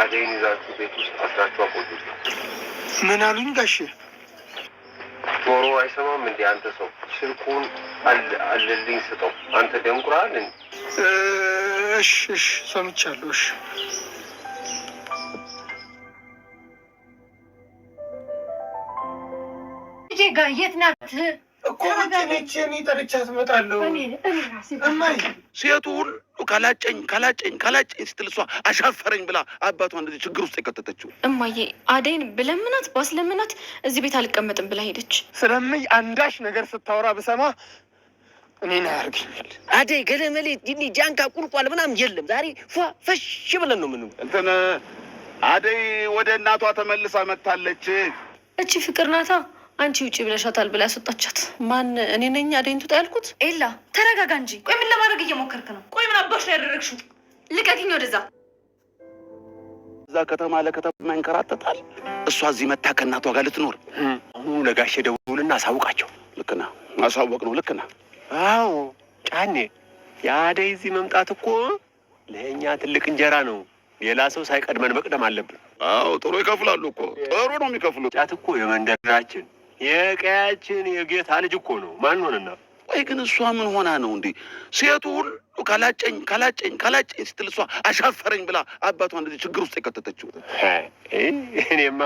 አደይን ይዛችሁ ቤት ውስጥ አስራችሁ አቆዩ ምን አሉኝ ጋሼ? ጆሮ አይሰማም እንዴ? አንተ ሰው ስልኩን አለልኝ ስጠው። አንተ ደንቁራል እንዴ? እሽ እሽ፣ ሰምቻለሁ። እሽ ጋር የት ናት እኮ? እኔ ጠርቻት እመጣለሁ። እማይ ሴቱ ሁሉ ካላጨኝ ካላጨኝ ካላጨኝ ስትል እሷ አሻፈረኝ ብላ አባቷ እንደዚህ ችግር ውስጥ የከተተችው። እማዬ አደይን ብለምናት ባስለምናት እዚህ ቤት አልቀመጥም ብላ ሄደች። ስለምይ አንዳሽ ነገር ስታወራ ብሰማ እኔን አያርገኛል። አደይ ገለመሌ ጃንካ ቁልቋል ምናምን የለም። ዛሬ ፏ ፈሽ ብለን ነው ምንም እንትን አደይ ወደ እናቷ ተመልሳ መታለች። እቺ ፍቅር ናታ አንቺ ውጭ ብለሻታል ብላ ያስወጣቻት ማን? እኔ ነኝ አደኝ ቱጣ ያልኩት። ኤላ ተረጋጋ እንጂ። ቆይ ምን ለማድረግ እየሞከርክ ነው? ቆይ ምን አባሽ ነው ያደረግሽው? ልቀቂኝ ወደዛ። እዛ ከተማ ለከተማ ይንከራተታል። እሷ እዚህ መታ ከእናቷ ጋር ልትኖር። አሁኑ ለጋሼ ደውልና አሳውቃቸው። ልክና ማሳወቅ ነው። ልክና አዎ። ጫኔ የአደይ እዚህ መምጣት እኮ ለእኛ ትልቅ እንጀራ ነው። ሌላ ሰው ሳይቀድመን መቅደም አለብን። አዎ ጥሩ ይከፍላሉ እኮ ጥሩ ነው የሚከፍሉት። ጫት እኮ የመንደራችን የቀያችን የጌታ ልጅ እኮ ነው። ማን ሆነና? ቆይ ግን እሷ ምን ሆና ነው እንዴ? ሴቱ ሁሉ ካላጨኝ ካላጨኝ ካላጨኝ ስትል እሷ አሻፈረኝ ብላ አባቷ እንደዚህ ችግር ውስጥ የከተተችው። እኔማ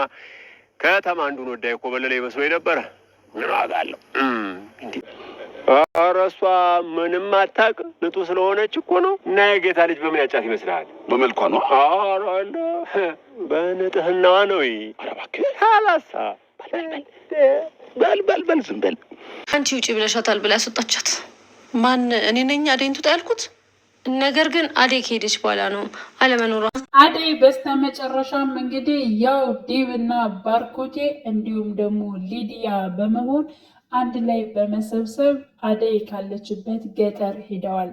ከተማ አንዱን ወዳ እኮ በለለ ነበረ። ምን ዋጋ አለው እንዴ? ኧረ እሷ ምንም አታውቅ ንጡ ስለሆነች እኮ ነው። እና የጌታ ልጅ በምን ያጫት ይመስልሃል? በመልኳ ነው። አረ በንጥህናዋ ነው። አላሳ በል በል በል ዝም በል አንቺ ውጭ ብለሻታል ብላ ያስወጣቻት ማን? እኔ ነኝ አደይን ትውጣ ያልኩት። ነገር ግን አደይ ከሄደች በኋላ ነው አለመኖሯ። አደይ በስተመጨረሻም እንግዲህ ያው ዲብ እና ባርኮቴ እንዲሁም ደግሞ ሊዲያ በመሆን አንድ ላይ በመሰብሰብ አደይ ካለችበት ገጠር ሄደዋል።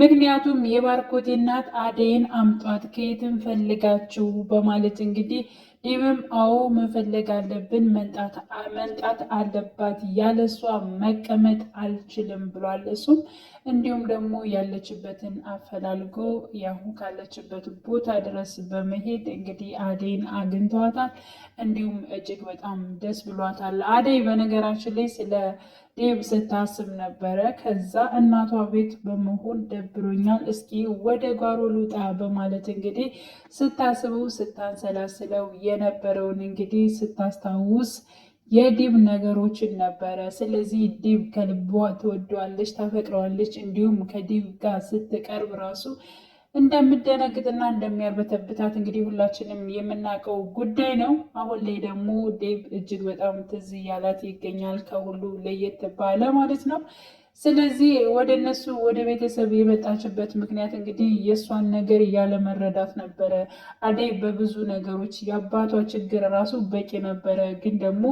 ምክንያቱም የባርኮቴ እናት አደይን አምጧት ከየትን ፈልጋችሁ በማለት እንግዲህ ኢቭም አዎ መፈለግ አለብን መንጣት አለባት፣ ያለሷ መቀመጥ አልችልም ብሏል። እሱም እንዲሁም ደግሞ ያለችበትን አፈላልጎ ያሁ ካለችበት ቦታ ድረስ በመሄድ እንግዲህ አደይን አግኝተዋታል። እንዲሁም እጅግ በጣም ደስ ብሏታል። አደይ በነገራችን ላይ ስለ ዴብ ስታስብ ነበረ። ከዛ እናቷ ቤት በመሆን ደብሮኛል፣ እስኪ ወደ ጓሮ ልውጣ በማለት እንግዲህ ስታስበው ስታንሰላስለው የነበረውን እንግዲህ ስታስታውስ የዲብ ነገሮችን ነበረ። ስለዚህ ዲብ ከልቧ ትወደዋለች፣ ታፈቅረዋለች። እንዲሁም ከዲብ ጋር ስትቀርብ ራሱ እንደምደነግጥና እንደሚያርበተብታት እንግዲህ ሁላችንም የምናውቀው ጉዳይ ነው። አሁን ላይ ደግሞ ዲብ እጅግ በጣም ትዝ እያላት ይገኛል፣ ከሁሉ ለየት ባለ ማለት ነው። ስለዚህ ወደ እነሱ ወደ ቤተሰብ የመጣችበት ምክንያት እንግዲህ የእሷን ነገር እያለመረዳት ነበረ። አደይ በብዙ ነገሮች የአባቷ ችግር ራሱ በቂ ነበረ፣ ግን ደግሞ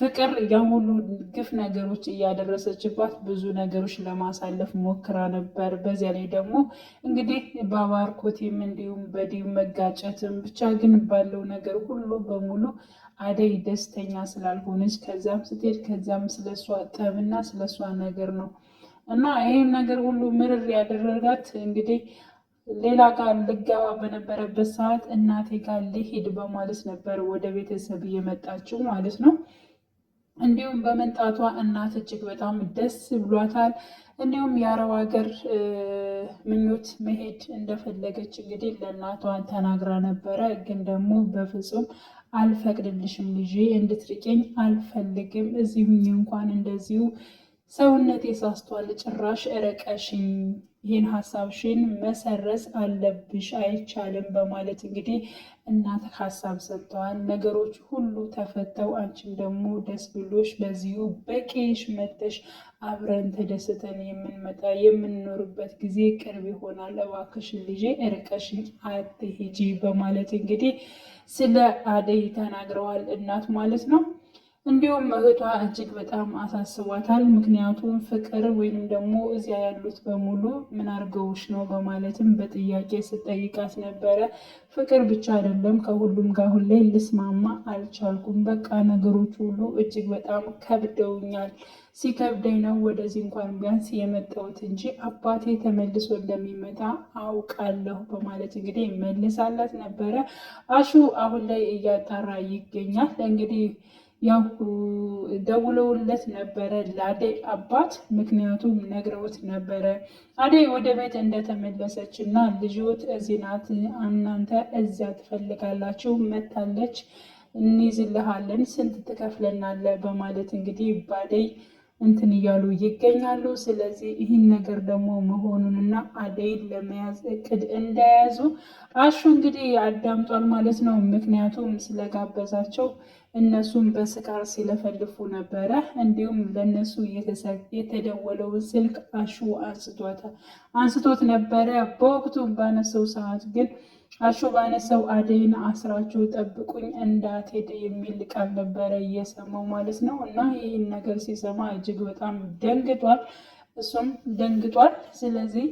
ፍቅር ያን ሁሉ ግፍ ነገሮች እያደረሰችባት ብዙ ነገሮች ለማሳለፍ ሞክራ ነበር። በዚያ ላይ ደግሞ እንግዲህ በባርኮቴም እንዲሁም በዲሁም መጋጨትም ብቻ ግን ባለው ነገር ሁሉ በሙሉ አደይ ደስተኛ ስላልሆነች ከዛም ስትሄድ ከዛም ስለሷ ጠብና ስለሷ ነገር ነው እና ይህን ነገር ሁሉ ምርር ያደረጋት እንግዲህ ሌላ ጋር ልገባ በነበረበት ሰዓት እናቴ ጋር ሊሄድ በማለት ነበር ወደ ቤተሰብ እየመጣችው ማለት ነው። እንዲሁም በመንጣቷ እናት እጅግ በጣም ደስ ብሏታል። እንዲሁም የአረብ ሀገር ምኞት መሄድ እንደፈለገች እንግዲህ ለእናቷ ተናግራ ነበረ። ግን ደግሞ በፍጹም አልፈቅድልሽም ልጄ፣ እንድትርቄኝ አልፈልግም። እዚሁኝ እንኳን እንደዚሁ ሰውነቴ ሳስቷል ጭራሽ እረቀሽኝ፣ ይህን ሀሳብሽን መሰረዝ አለብሽ አይቻልም በማለት እንግዲህ እናት ሀሳብ ሰጥተዋል። ነገሮች ሁሉ ተፈተው አንቺም ደግሞ ደስ ብሎሽ በዚሁ በቄሽ መተሽ አብረን ተደስተን የምንመጣ የምንኖርበት ጊዜ ቅርብ ይሆናል። እባክሽን ልጄ እርቀሽኝ አትሄጂ በማለት እንግዲህ ስለ አደይ ተናግረዋል እናት ማለት ነው። እንዲሁም እህቷ እጅግ በጣም አሳስቧታል። ምክንያቱም ፍቅር ወይም ደግሞ እዚያ ያሉት በሙሉ ምን አድርገውሽ ነው በማለትም በጥያቄ ስጠይቃት ነበረ። ፍቅር ብቻ አይደለም ከሁሉም ጋር አሁን ላይ ልስማማ አልቻልኩም። በቃ ነገሮች ሁሉ እጅግ በጣም ከብደውኛል። ሲከብደኝ ነው ወደዚህ እንኳን ቢያንስ የመጣሁት እንጂ አባቴ ተመልሶ እንደሚመጣ አውቃለሁ በማለት እንግዲህ መልሳላት ነበረ። አሹ አሁን ላይ እያጣራ ይገኛል እንግዲህ ያው ደውለውለት ነበረ ለአደይ አባት ምክንያቱም ነግረውት ነበረ አደይ ወደ ቤት እንደተመለሰች እና ልጆት እዚህ ናት፣ እናንተ እዚያ ትፈልጋላችሁ፣ መታለች፣ እንይዝልሃለን፣ ስንት ትከፍለናለ በማለት እንግዲህ ባደይ እንትን እያሉ ይገኛሉ። ስለዚህ ይህን ነገር ደግሞ መሆኑንና አደይን ለመያዝ እቅድ እንደያዙ አሹ እንግዲህ አዳምጧል ማለት ነው። ምክንያቱም ስለጋበዛቸው እነሱም በስካር ሲለፈልፉ ነበረ። እንዲሁም ለእነሱ የተደወለው ስልክ አሹ አንስቶት ነበረ። በወቅቱ ባነሰው ሰዓት ግን አሾባነ ሰው አደይን አስራቸው ጠብቁኝ እንዳትሄድ የሚል ቃል ነበረ እየሰማው ማለት ነው። እና ይህን ነገር ሲሰማ እጅግ በጣም ደንግጧል፣ እሱም ደንግጧል። ስለዚህ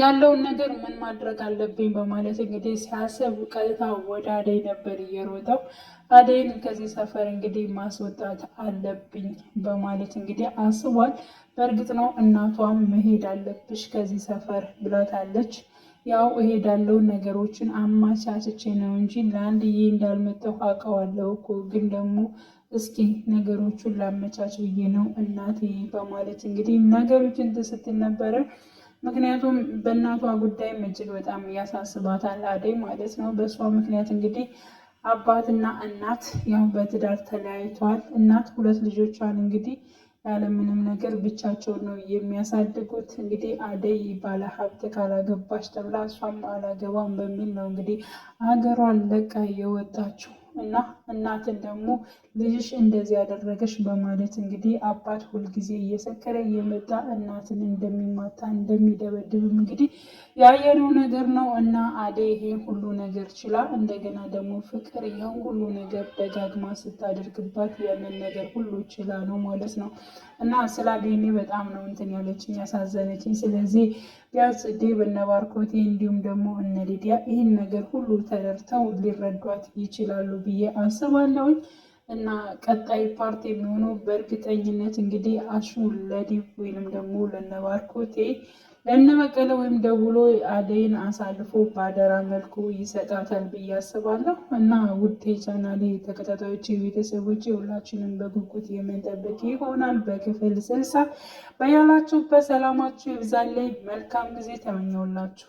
ያለውን ነገር ምን ማድረግ አለብኝ በማለት እንግዲህ ሲያስብ ቀጥታ ወደ አደይ ነበር እየሮጠው። አደይን ከዚህ ሰፈር እንግዲህ ማስወጣት አለብኝ በማለት እንግዲህ አስቧል። በእርግጥ ነው እናቷም መሄድ አለብሽ ከዚህ ሰፈር ብላታለች። ያው እሄዳለሁ ነገሮችን አመቻችቼ ነው እንጂ ለአንድዬ እንዳልመጣሁ አውቀዋለሁ እኮ ግን ደግሞ እስኪ ነገሮቹን ላመቻች ብዬ ነው እናቴ በማለት እንግዲህ ነገሮችን ስትል ነበረ። ምክንያቱም በእናቷ ጉዳይም እጅግ በጣም ያሳስባታል አደይ ማለት ነው። በእሷ ምክንያት እንግዲህ አባትና እናት ያው በትዳር ተለያይቷል እናት ሁለት ልጆቿን እንግዲህ ያለምንም ነገር ብቻቸውን ነው የሚያሳድጉት። እንግዲህ አደይ ባለ ሀብት ካላገባች ተብላ እሷም አላገባም በሚል ነው እንግዲህ አገሯን ለቃ የወጣችው። እና እናትን ደግሞ ልጅሽ እንደዚህ ያደረገሽ በማለት እንግዲህ አባት ሁልጊዜ እየሰከረ እየመጣ እናትን እንደሚማታ እንደሚደበድብም እንግዲህ ያየነው ነገር ነው እና አደይ ይሄን ሁሉ ነገር ችላ እንደገና ደግሞ ፍቅር ይሄን ሁሉ ነገር ደጋግማ ስታደርግባት ያንን ነገር ሁሉ ችላ ነው ማለት ነው። እና ስላገኘ በጣም ነው እንትን ያለችኝ ያሳዘነችኝ። ስለዚህ ቢያንስ ዴብ እነ ባርኮቴ እንዲሁም ደግሞ እነ ሊዲያ ይህን ነገር ሁሉ ተረድተው ሊረዷት ይችላሉ ብዬ አስባለሁኝ። እና ቀጣይ ፓርቲ የሚሆነው በእርግጠኝነት እንግዲህ አሹ ለዲብ ወይንም ደግሞ ለነ ባርኮቴ ለእነ በቀለ ወይም ደውሎ አደይን አሳልፎ በአደራ መልኩ ይሰጣታል ብዬ አስባለሁ። እና ውድ የቻናሌ ተከታታዮች ቤተሰቦች ሁላችንም በጉጉት የምንጠብቅ ይሆናል። በክፍል ስልሳ በያላችሁበት ሰላማችሁ ይብዛልኝ። መልካም ጊዜ ተመኘውላችሁ።